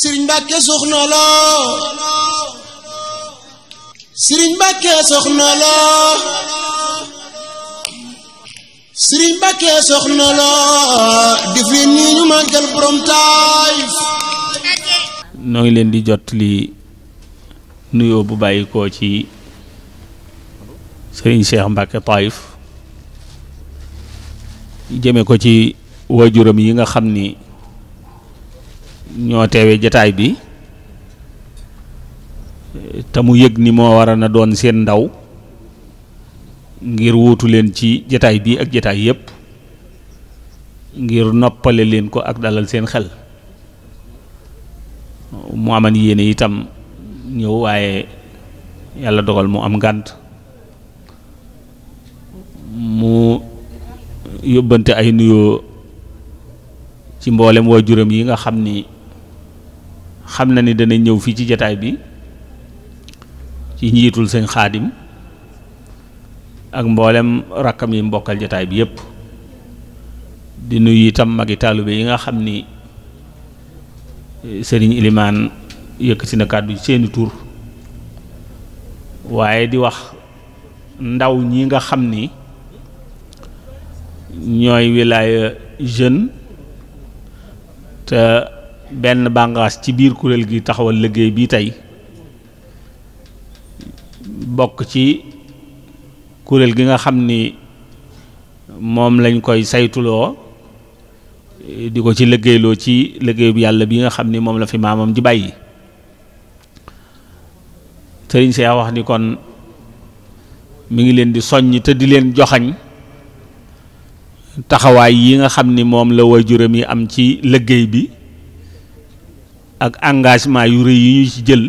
sëriñ Mbàkke soxna la sëriñ nii ñu màggal borom Taif noo ngi leen di jot li nuyoo bu bàyyi ko ci sëriñ Cheikh Mbàkke Taif jëme ko ci waajuram yi nga xam ni ñoo teewe jataay bi te mu yëg ni moo wara na doon seen ndaw ngir wuutu leen ci jataay bii ak jataay yépp ngir noppale leen ko ak dalal seen xel mu aman yéene itam ñëw waaye yàlla dogal mu am ngànt mu yóbbante ay nuyoo ci mboolem waajuram yi nga xam ni xam na ni dana ñëw fii ci jataay bi ci njiitul sëñ xaadim ak mboolem rakkam yi mbokkal jataay bi yépp di nuyu itam magi taalibe yi nga xam ni eh, sëriñ ilimaan yëkkati na kàddu seeni tur waaye di wax ndaw ñi nga xam ni ñooy wilaaya jeune te benn bànqaas ci biir kuréel gi taxawal liggéey bi tey bokk ci kuréel gi nga xam ni moom lañ koy saytuloo di ko ci liggéeyloo ci liggéey bu yàlla bi nga xam ni moom la fi maamam ji bàyyi sëriñ Seex wax ni kon mu ngi leen di soññ te di leen joxañ taxawaay yi nga xam ni moom la waajuram yi am ci liggéey bi ak engagement yu rëy yi ñu ci jël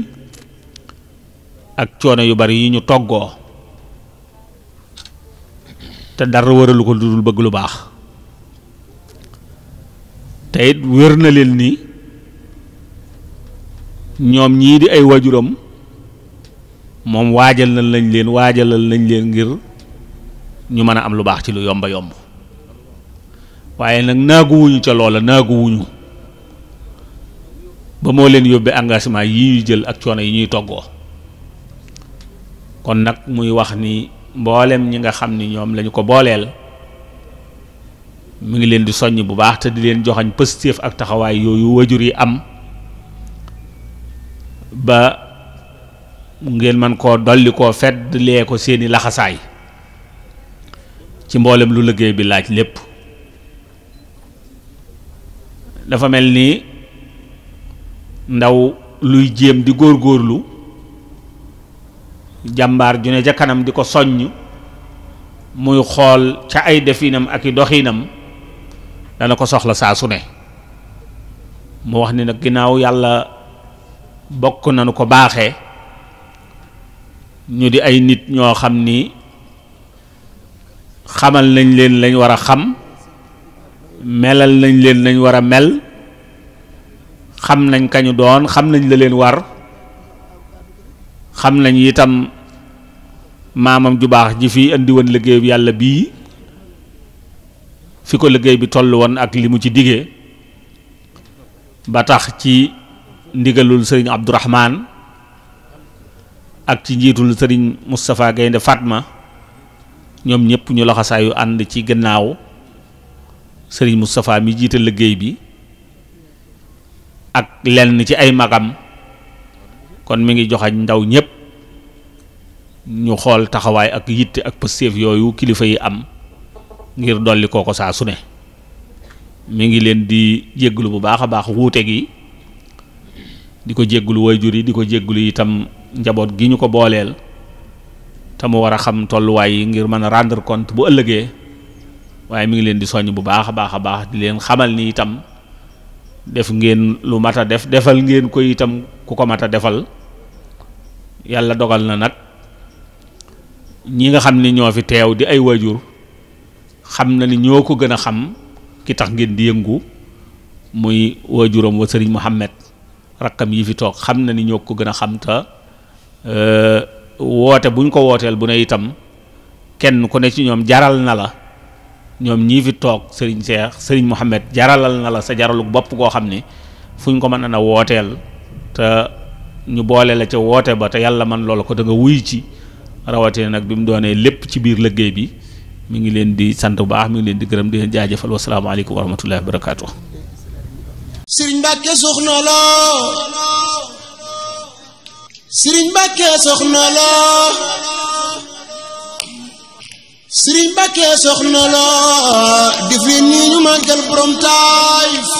ak coono yu bari yi ñu toggoo te dara waralu ko dudul bëgg lu baax te wér na leen ni ñoom ñii di ay wajuram moom waajal nañ lañ leen waajalal nañ leen ngir ñu mën a am lu baax ci lu yomba yomb waaye nag naaguwuñu ca loola naaguwuñu ba moo leen yóbbee engagement yi ñuy jël ak coono yi ñuy toggoo kon nag muy wax ni mboolem ñi nga xam ni ñoom lañu ko booleel mu ngi leen di soññ bu baax te di leen joxañ positif ak taxawaay yooyu wajur yi am ba ngeen man koo dolli koo fedd lee ko seeni laxasaay ci mboolem lu liggéey bi laaj lépp dafa mel ni ndaw luy jéem di góorgóorlu jàmbaar ju ne ca kanam di ko soññ muy xool ca ay definam ak i doxinam dana ko soxla saa su ne mu wax ni nag ginnaaw yàlla bokk nanu ko baaxee ñu di ay nit ñoo xam ni xamal nañ leen lañ war a xam melal nañ leen lañ war a mel xam nañ kañu doon xam nañ la leen war xam nañ itam maamam ju baax ji fi indi liggéey bi yàlla bii fi ko liggéey bi toll woon ak li mu ci diggee ba tax ci ndigalul sëriñ Abdourahman ak ci njiitul sëriñ Moustapha Gaynde Fatma ñoom ñëpp ñu laxasaayu ànd ci gannaaw sëriñ Moustapha mi jiite liggéey bi ak lenn ci ay magam kon mi ngi joxañ ndaw ñépp ñu xool taxawaay ak yitte ak pëstéef yooyu kilifa yi am ngir dolli kooko saa su ne mi ngi leen di jégglu bu baax a baax wuute gi di ko jégglu jur yi di ko jégglu itam njaboot gi ñu ko booleel te mu war a xam tolluwaay yi ngir mën a rendre compte bu ëllëgee waaye mi ngi leen di soññ bu baax a baax a baax di leen xamal ni itam def ngeen lu mat a def defal ngeen ko itam ku ko mat a defal yàlla dogal na nag ñi nga xam ni ñoo fi teew di ay waajur xam na ni ñoo ko gën a xam ki tax ngeen di yëngu muy waajuram wa sëriñ Muhammad rakkam yi fi toog xam na ni ñoo ko gën a xam te euh, woote buñ ko wooteel bu ne itam kenn ku ne ci ñoom jaral na la ñoom ñii fi toog sëriñ Cheikh sëriñ Mouhamed jaralal na la sa jaraluk bopp koo xam ni fu ñu ko mën a wooteel te ñu boole la ca woote ba te yàlla man loola ko te nga wuy ci rawatina nag bi mu doonee lépp ci biir liggéey bi mu ngi leen di sant bu baax mu ngi leen di gërëm di leen jaajëfal wasalaamaaleykum wa rahmatullahi wa barakaatu. sëriñ Mbàkke soxna la sëriñ Mbàkke soxna loo def leen ni ñu màggal borom Taayif